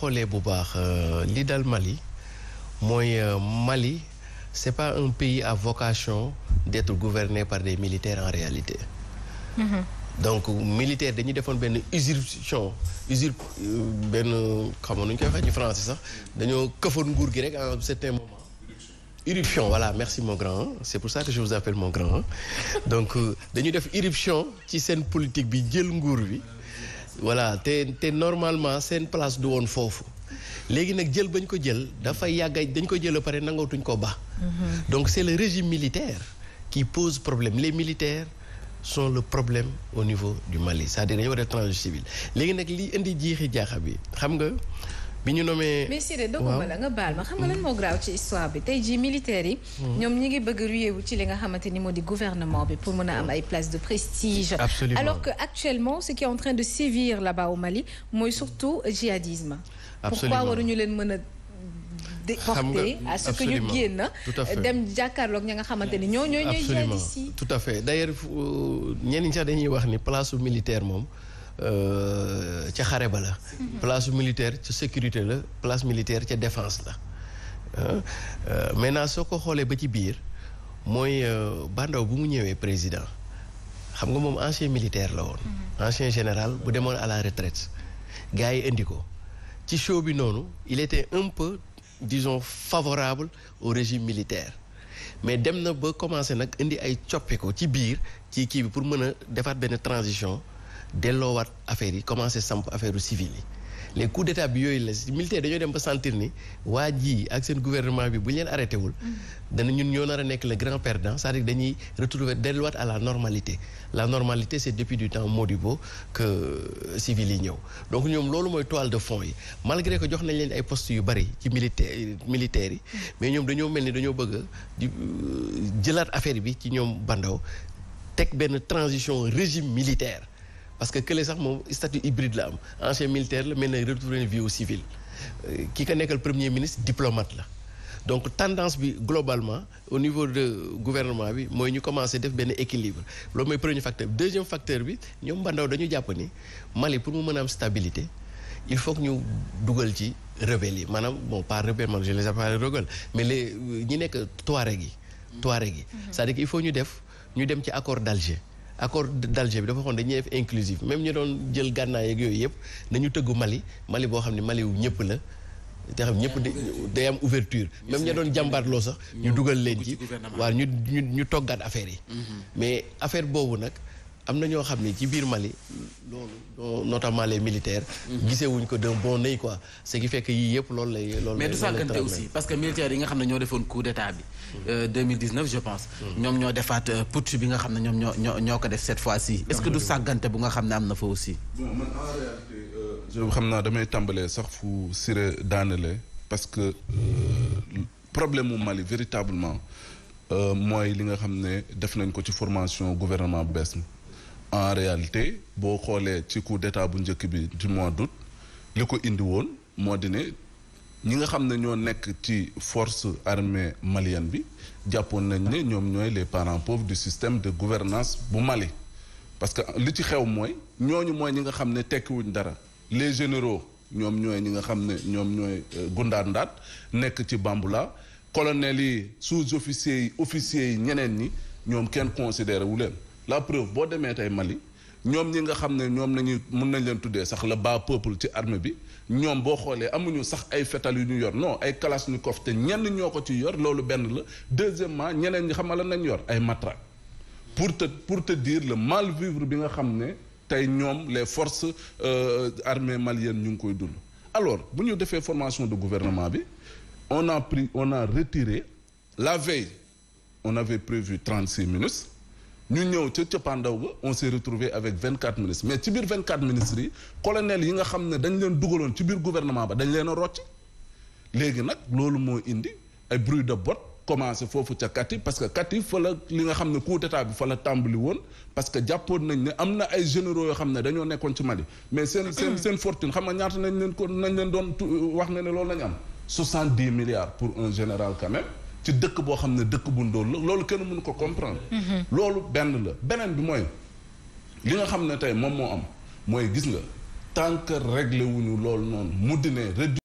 xoolee bu baax euh, li dal Mali mooy euh, Mali c'est pas un pays à vocation d'être gouverner par des militaires en réalité mm-hmm. donc militaire dañuy defoon benn usurpation usurp euh, benn xamoon nuñ koy waxee ci français sax dañoo këfoon nguur gi rek à un certain moment irruption voilà merci mon grand c'est pour ça que je vous appelle mon grand donc dañuy def irruption ci seen politique bi jël nguur bi voilà te te normalement seen place du woon foofu léegi nag jël bañ ko jël dafa yàgg dañ ko jël ba pare nangootuñ ko ba mhm. donc c'est le régime militaire qui pose problème les militaires sont le problème au niveau du Mali c'est-à-dire dañoo war a tranche civile léegi nag li indi jiixi jaaxa bi xam nga bi ñu nommé. mais Siré dogguma la nga baal ma xam nga lan moo graaw ci histoire bi tey jii militaires yi. Mm-hmm. ñoom ñi ngi bëgg ruyewu ci li nga xamante ni moo di gouvernement bi pour mën a am ay place en train de sévir là-bas au Mali mooy surtout djihadisme. Absolument. pourquoi waruñu leen mën a. déporté à ce que ñu génn dem jàkkaarloog ña nga xamante ni ñoo ñooy ñooy jihadistes yi tout à fait d'ailleurs euh, ñenn ñi sax dañuy wax ni place militaire moom Euh, ca xare ba la. place militaire ca sécurité la place militaire ca défence la euh, maintenant soo ko xoolee ba ci biir mooy euh, Bandaw bu mu ñëwee président xam nga moom ancien militaire la woon. Mm-hmm. ancien général bu demoon à la retraite gars yi indi ko ci show bi noonu il était un peu disons favorable au régime militaire. mais dem na ba commencé nag indi ay coppi ko ci biir ci kii bi pour mën a defaat benn transition delloowaat affaire yi commencé samp affaire civile yi les coups d'état bi yooyu la militaire dañoo dem ba sentir ni waa ji ak seen guvernement bi bu ñu leen arrêté wul. dana ñun ñoo nar nekk le grand perdant c'est-à-dire dañuy retrouver delluwaat à la normalité la normalité c'est depuis du temps Modibo que euh, civil yi ñëw donc ñoom loolu mooy toile de fond yi malgré ko jox na leen ay postes yu bari ci militaire militaires yi. mais ñoom dañoo mel ni dañoo bëgg di euh, jëlaat affaire bi ci ñoom bandaw teg benn transition régime militaire. parce que kële sax moom statut hybride la am ancien militaire la mais nag retourné vie au civil euh, ki ka nekkal premier ministre diplomate la donc tendance bi globalement au niveau de gouvernement bi mooy ñu commencé def benn équilibre loolu mooy premier facteur deuxième facteur bi ñoom mbandaw dañu jàpp ni Mali pour mu mën a am stabilité il faut ñu dugal ci rebelle yi maanaam bon pas rebelle man je les appelle rebelle mais les euh, ñi nekk Touareg gi Touareg yi mm-hmm. cest faut ñu def ñu dem ci accord d'Alger accord d'Alger bi dafa xoon dañuy def inclusive même ñu doon jël gànnaay ak yooyu yëpp nañu tëggu Mali Mali boo xam ne Mali wu ñëpp la te xam ñëpp day am ouverture même ña doon jàmbaatloo sax ñu dugal leen ci waaw ñu ñu ñu toggaat affaire yi mm-hmm. mais affaire boobu nag am na ñoo xam ne ci biir Mali loolu notamment les militaires mhm. gisewuñ ko d'un bon oeil quoi yii yëpp loolu lay loolu mais parce que militaires yi xam ne ñoo defoon coup d'état bi 2019 mhm. euh, je pense mhm. ñoom ñoo defaat euh, putsch bi nga xam ne ñoom ñoo ñoo ko def cette fois-ci est am na fa aussi bon euh, xam naa damay tàmbalee sax fu Siré daanale parce que problème mu Mali véritablement mooy li nga xam ne def nañ ko ci formation gouvernement bu bees mi en réalité boo xoolee ci coup d'état bu njëkk bi du mois d'août li ko indi woon moo di ne ñi nga xam ne ñoo nekk ci force armée malienne bi jàppoon nañ ne ñoom ñooy les parents pauvres du système de gouvernance bu Mali parce que li ci xew mooy ñooñu mooy ñi nga xam ne tekkiwuñ dara les généraux ñoom ñooy ñi nga xam ne ñoom ñooy euh, gundaat ndaat nekk ci Bamboula colonels yi sous-officiers yi officiers yi ñeneen ñi ñoom kenn considéré wu leen la preuve boo demee tey Mali ñoom ñi nga xam ne ñoom nañuy mën nañ leen tuddee sax la bas peuple ci armée bi ñoom boo xoolee amuñu sax ay fetal yu ñu yor non ay kalachnikov te ñenn ñoo ko ci yor loolu benn la deuxièmement ñeneen ñi xamala nañ yor ay matraque pour te pour te dire le mal vivre bi nga xam ne tey ñoom les forces euh, armées maliennes ñu ngi koy dund alors bu ñu defee formation de gouvernement bi on a pris on a retiré la veille on avait prévu trente six minutes ñu ñëw ca cëppaandaw ga on s'est retrouvé avec vingt quatre ministres mais ci biir vingt quatre ministres yi colonel yi nga xam ne dañ leen dugaloon ci biir gouvernement ba dañ leen a léegi nag loolu moo indi ay bruit de botte commencé foofu ca Kati parce que Kati fa la li nga xam ne coup d'état bi fa la tàmbali woon parce que jàppoon nañ ne am na ay généro yoo xam ne dañoo nekkoon ci Mali mais seen seen fortune xam nga ñaata nañ leen ko nañ leen doon wax ne ne loolu lañ am soixante dix milliards pour un général quand ci dëkk boo xam ne dëkk bu ndóol loolu kenn mënu ko comprendre. Mhm. loolu benn la beneen bi mooy li nga xam ne tey moom moo am mooy gis nga tant que réglé wuñu loolu noonu mu dine